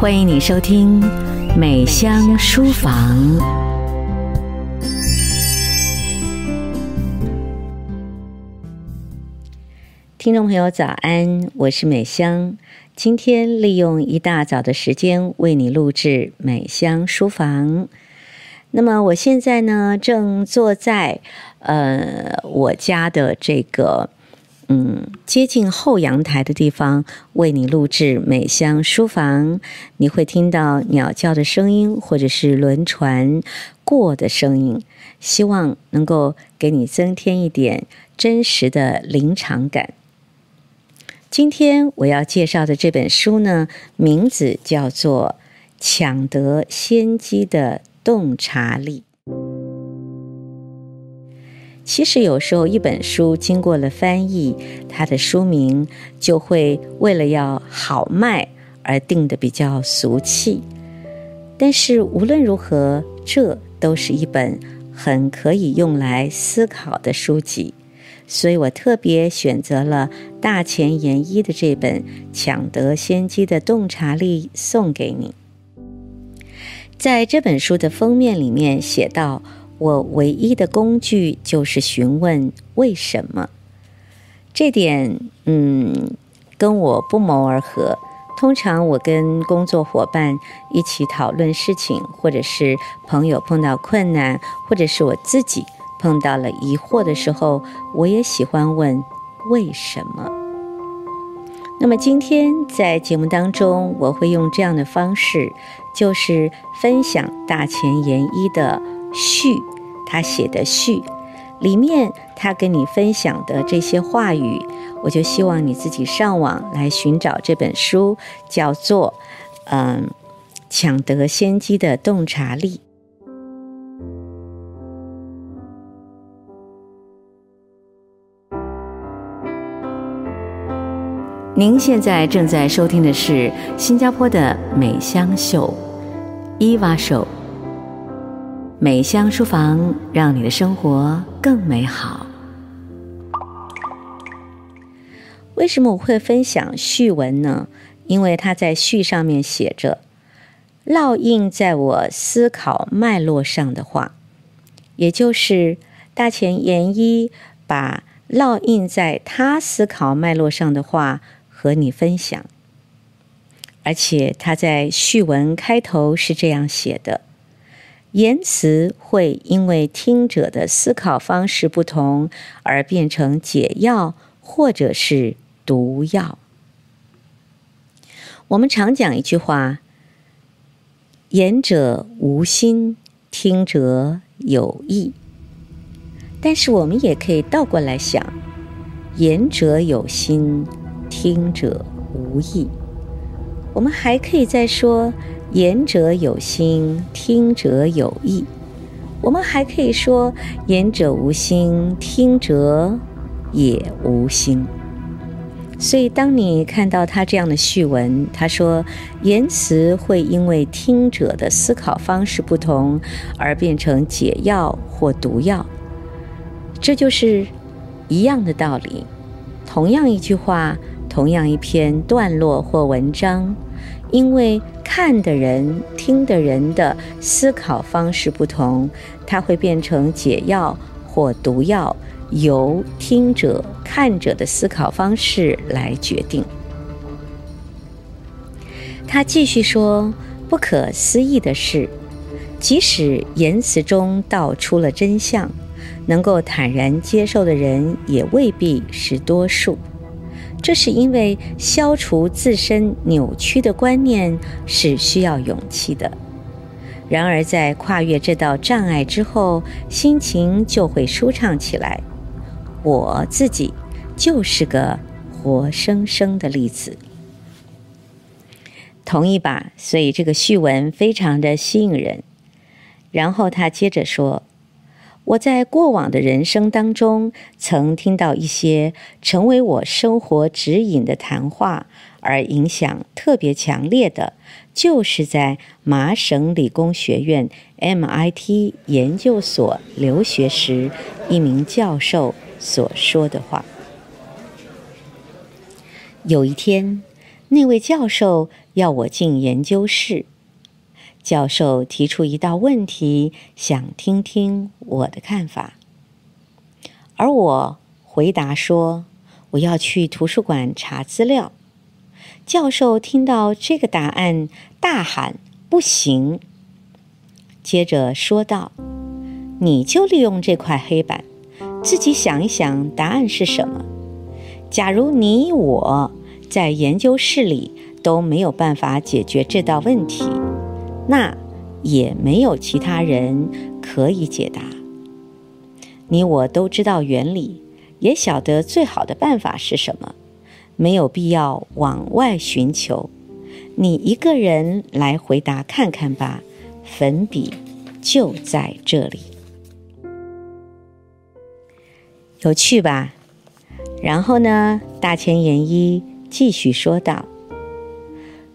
歡迎你收聽《美香書房》。聽眾朋友，早安，我是美香。今天利用一大早的時間為你錄製《美香書房》。那麼，我現在呢，正坐在呃我家的這個，嗯，接近後陽台的地方為你錄製美香書房，你會聽到鳥叫的聲音，或者是輪船過的聲音，希望能夠給你增添一點真實的臨場感。今天我要介紹的這本書呢，名字叫做《搶得先機的洞察力》。其實有時候，一本書經過了翻譯，它的書名就會為了要好賣而定得比較俗氣。但是無論如何，這都是一本很可以用來思考的書籍，所以我特別選擇了大前研一的這本《搶得先機的洞察力》送給你。在這本書的封面裡面寫到。我唯一的工具就是詢問為什麼，這點嗯跟我不謀而合。通常我跟工作夥伴一起討論事情，或者是朋友碰到困難，或者是我自己碰到了疑惑的時候，我也喜歡問為什麼。那麼今天在節目當中，我會用這樣的方式，就是分享大前研一的。序，他寫的序，裡面他跟你分享的這些話語，我就希望你自己上網來尋找這本書，叫做“嗯、呃，搶得先機的洞察力”。您現在正在收聽的是新加坡的美香秀，伊娃秀。美香書房，讓你的生活更美好。為什麼我會分享序文呢？因為他在序上面寫着“烙印在我思考脈絡上的話”，也就是大前研一把烙印在他思考脈絡上的話和你分享。而且他在序文開頭是這樣寫的。言辭會因為聽者的思考方式不同而變成解藥，或者是毒藥。我們常講一句話：“言者無心，聽者有意。”但是我們也可以倒過來想：“言者有心，聽者無意。”我們還可以再說。言者有心，聽者有意。我們還可以說，言者無心，聽者也無心。所以，當你看到他這樣的序文，他說，言辭會因為聽者的思考方式不同而變成解藥或毒藥。這就是一樣的道理。同樣一句話，同樣一篇段落或文章。因為看的人、聽的人的思考方式不同，它會變成解藥或毒藥，由聽者、看者的思考方式來決定。他繼續說：“不可思議的是，即使言辭中道出了真相，能夠坦然接受的人也未必是多數。”這是因為消除自身扭曲的觀念是需要勇氣的。然而，在跨越這道障礙之後，心情就會舒暢起來。我自己就是個活生生的例子，同意吧？所以這個序文非常的吸引人。然後他接着說。我在過往的人生當中，曾聽到一些成為我生活指引的談話，而影響特別強烈的，就是在麻省理工學院 （MIT） 研究所留學時，一名教授所說的話。有一天，那位教授要我進研究室。教授提出一道問題，想聽聽我的看法。而我回答說：“我要去圖書館查資料。”教授聽到這個答案，大喊：“不行！”接着說道：“你就利用這塊黑板，自己想一想答案是什麼。假如你我在研究室裡都沒有辦法解決這道問題。”那也沒有其他人可以解答。你我都知道原理，也曉得最好的辦法是什麼，沒有必要往外尋求。你一個人來回答看看吧。粉筆就在這裡，有趣吧？然後呢，大前研一繼續說道：“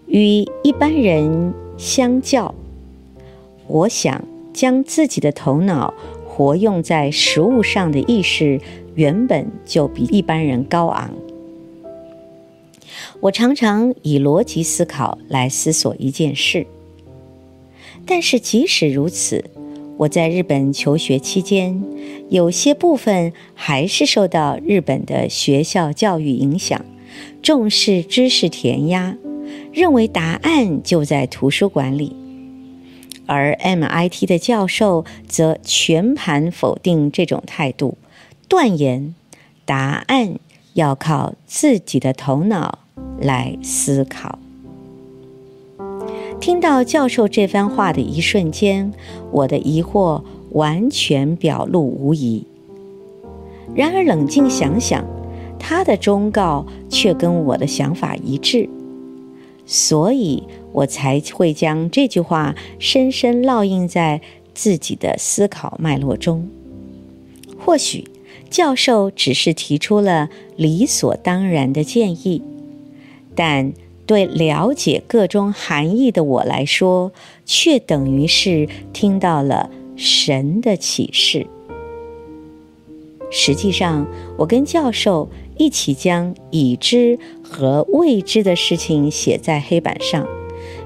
與一般人。”相較，我想將自己的頭腦活用在實務上的意識，原本就比一般人高昂。我常常以邏輯思考來思索一件事，但是即使如此，我在日本求學期間，有些部分還是受到日本的學校教育影響，重視知識填鴨。認為答案就在圖書館裡，而 MIT 的教授則全盤否定這種態度，斷言答案要靠自己的頭腦來思考。聽到教授這番話的一瞬間，我的疑惑完全表露無遺。然而冷靜想想，他的忠告卻跟我的想法一致。所以我才會將這句話深深烙印在自己的思考脈絡中。或許教授只是提出了理所當然的建議，但對了解各種含義的我來說，卻等於是聽到了神的啟示。實際上，我跟教授。一起將已知和未知的事情寫在黑板上，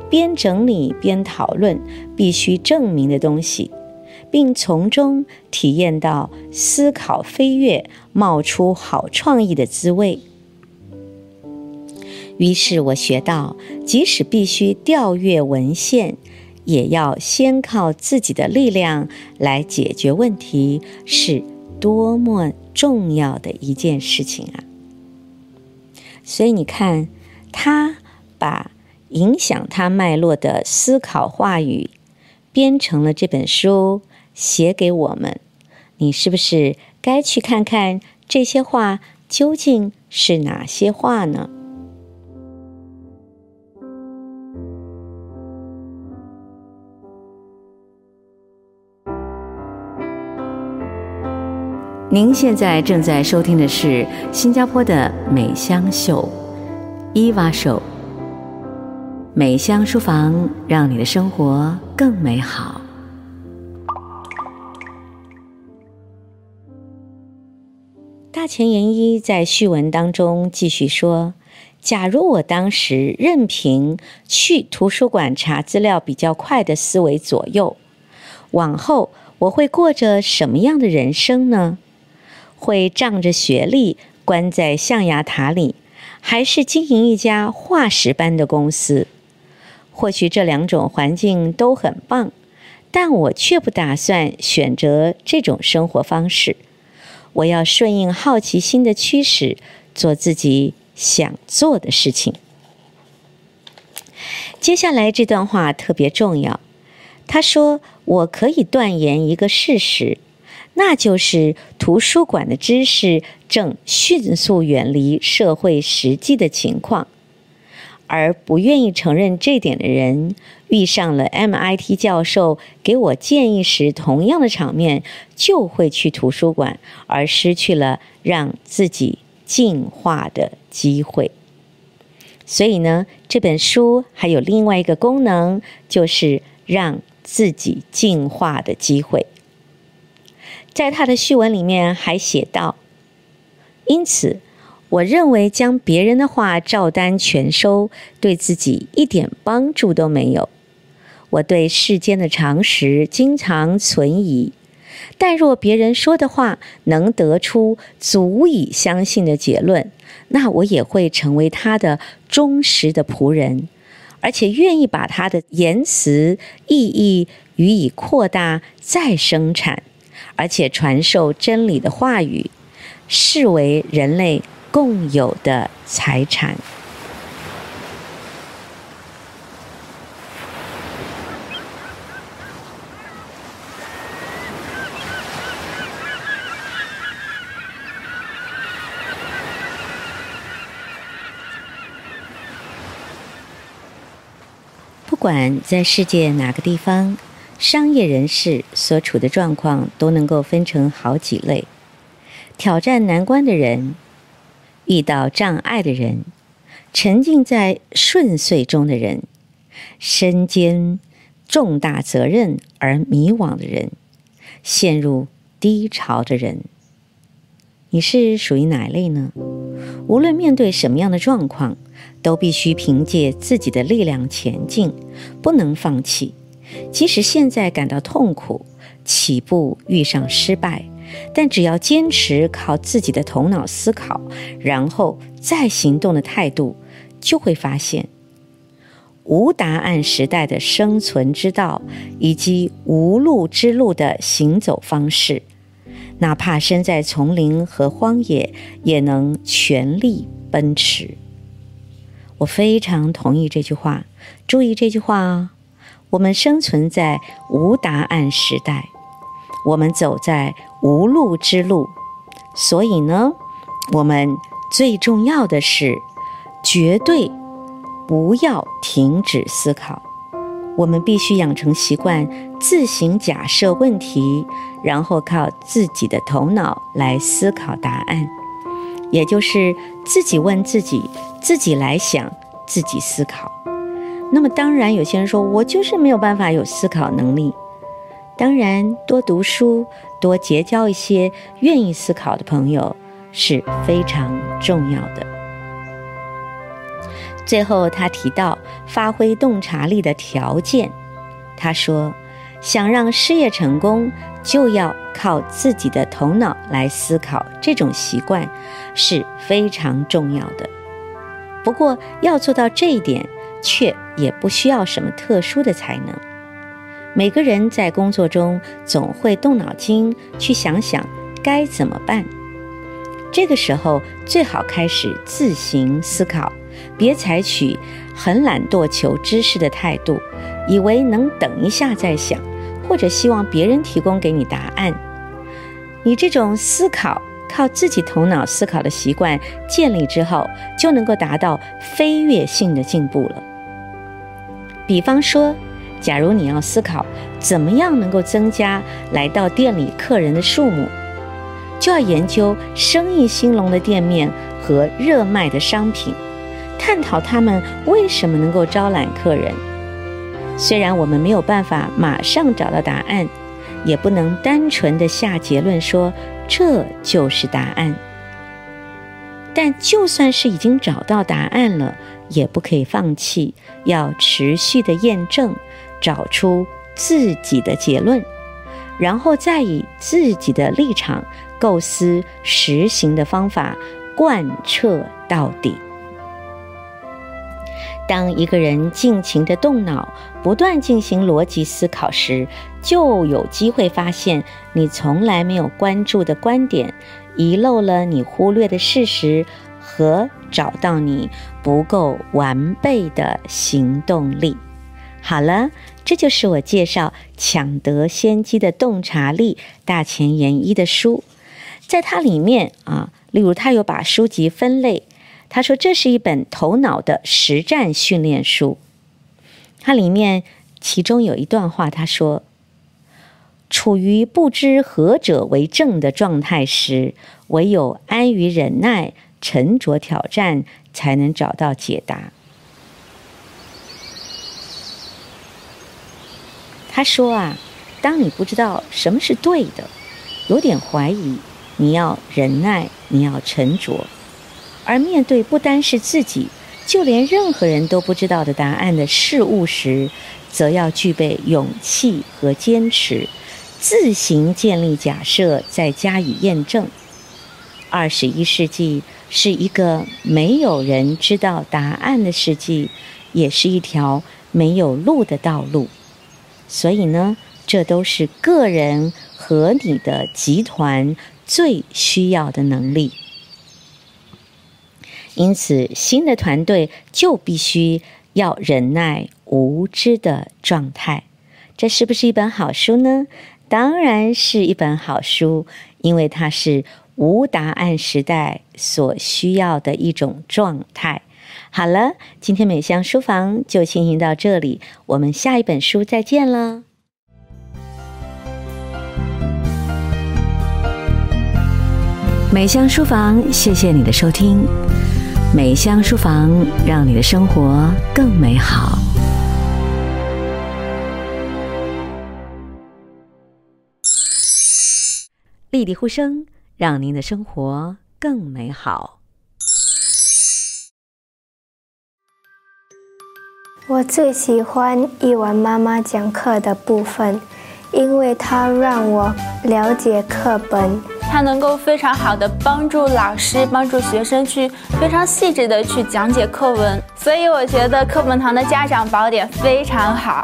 邊整理邊討論必須證明的東西，並從中體驗到思考飛躍、冒出好創意的滋味。於是我學到，即使必須調閱文獻，也要先靠自己的力量來解決問題，是多麼。重要的一件事情啊，所以你看，他把影響他脈絡的思考話語編成了這本書，寫給我們。你是不是該去看看這些話究竟是哪些話呢？您現在正在收聽的是新加坡的美香秀，伊娃秀，美香書房讓你的生活更美好。大前研一在序文當中繼續說：“假如我當時任憑去圖書館查資料比較快的思維左右，往後我會過着什麼樣的人生呢？”會仗着學歷關在象牙塔裡，還是經營一家化石般的公司？或許這兩種環境都很棒，但我卻不打算選擇這種生活方式。我要順應好奇心的驅使，做自己想做的事情。接下來這段話特別重要，他說：“我可以斷言一個事實。”那就是圖書館的知識正迅速遠離社會實際的情況，而不願意承認這點的人，遇上了 MIT 教授給我建議時同樣的場面，就會去圖書館而失去了讓自己進化的機會。所以呢，這本書還有另外一個功能，就是讓自己進化的機會。在他的序文裡面還寫道：“因此，我認為將別人的話照單全收，對自己一點幫助都沒有。我對世間的常識經常存疑，但若別人說的話能得出足以相信的結論，那我也會成為他的忠實的僕人，而且願意把他的言辭意義予以擴大再生產。”而且傳授真理的話語，視為人類共有的財產。不管在世界哪個地方，商業人士所處的狀況都能夠分成好幾類：挑戰難關的人，遇到障礙的人，沉浸在順遂中的人，身兼重大責任而迷惘的人，陷入低潮的人。你是屬於哪一類呢？無論面對什麼樣的狀況，都必須憑借自己的力量前進，不能放棄。即使現在感到痛苦，起步遇上失敗，但只要堅持靠自己的頭腦思考，然後再行動的態度，就會發現無答案時代的生存之道，以及無路之路的行走方式。哪怕身在叢林和荒野，也能全力奔馳。我非常同意這句話，注意這句話啊、哦。我們生存在無答案時代，我們走在無路之路，所以呢，我們最重要的是絕對不要停止思考。我們必須養成習慣，自行假設問題，然後靠自己的頭腦來思考答案，也就是自己問自己，自己來想，自己思考。那麼當然，有些人說我就是沒有辦法有思考能力。當然，多讀書、多結交一些願意思考的朋友是非常重要的。最後，他提到發揮洞察力的條件，他說，想讓事業成功，就要靠自己的頭腦來思考，這種習慣是非常重要的。不過，要做到這一點，卻也不需要什麼特殊的才能。每個人在工作中總會動腦筋去想想該怎麼辦。這個時候最好開始自行思考，別採取很懶惰求知識的態度，以為能等一下再想，或者希望別人提供給你答案。你這種思考靠自己頭腦思考的習慣建立之後，就能夠達到飛躍性的進步了。比方說，假如你要思考怎麼樣能夠增加來到店裡客人的數目，就要研究生意興隆的店面和熱賣的商品，探討他們為什麼能夠招攬客人。雖然我們沒有辦法馬上找到答案，也不能單純地下結論說這就是答案。但就算是已經找到答案了，也不可以放棄，要持續的驗證，找出自己的結論，然後再以自己的立場構思實行的方法，貫徹到底。當一個人盡情的動腦，不斷進行邏輯思考時，就有機會發現你從來沒有關注的觀點，遺漏了你忽略的事實。和找到你不夠完備的行動力。好了，這就是我介紹搶得先機的洞察力，大前研一的書，在它裡面啊，例如他有把書籍分類，他說這是一本頭腦的實戰訓練書。它裡面其中有一段話，他說：“處於不知何者為正的狀態時，唯有安於忍耐。”沉着挑戰，才能找到解答。他說啊，當你不知道什麼是對的，有點懷疑，你要忍耐，你要沉着；而面對不單是自己，就連任何人都不知道的答案的事物時，則要具備勇氣和堅持，自行建立假設，再加以驗證。二十一世紀。是一個沒有人知道答案的世紀，也是一條沒有路的道路。所以呢，這都是個人和你的集團最需要的能力。因此，新的團隊就必須要忍耐無知的狀態。這是不是一本好書呢？當然是一本好書，因為它是。無答案時代所需要的一種狀態。好了，今天美香書房就進行到這裡，我們下一本書再見了。美香書房，謝謝你的收聽。美香書房，讓你的生活更美好。麗麗呼聲。讓您的生活更美好。我最喜歡一文媽媽講課的部分，因為她讓我了解課本，她能夠非常好地幫助老師、幫助學生去非常細緻地去講解課文，所以我覺得課本堂的家長寶典非常好。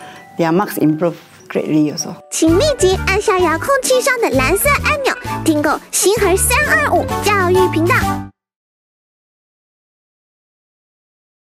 Yeah, Max improved greatly 請立即按下遙控器上的藍色按鈕，訂購“星河三二五”教育頻道。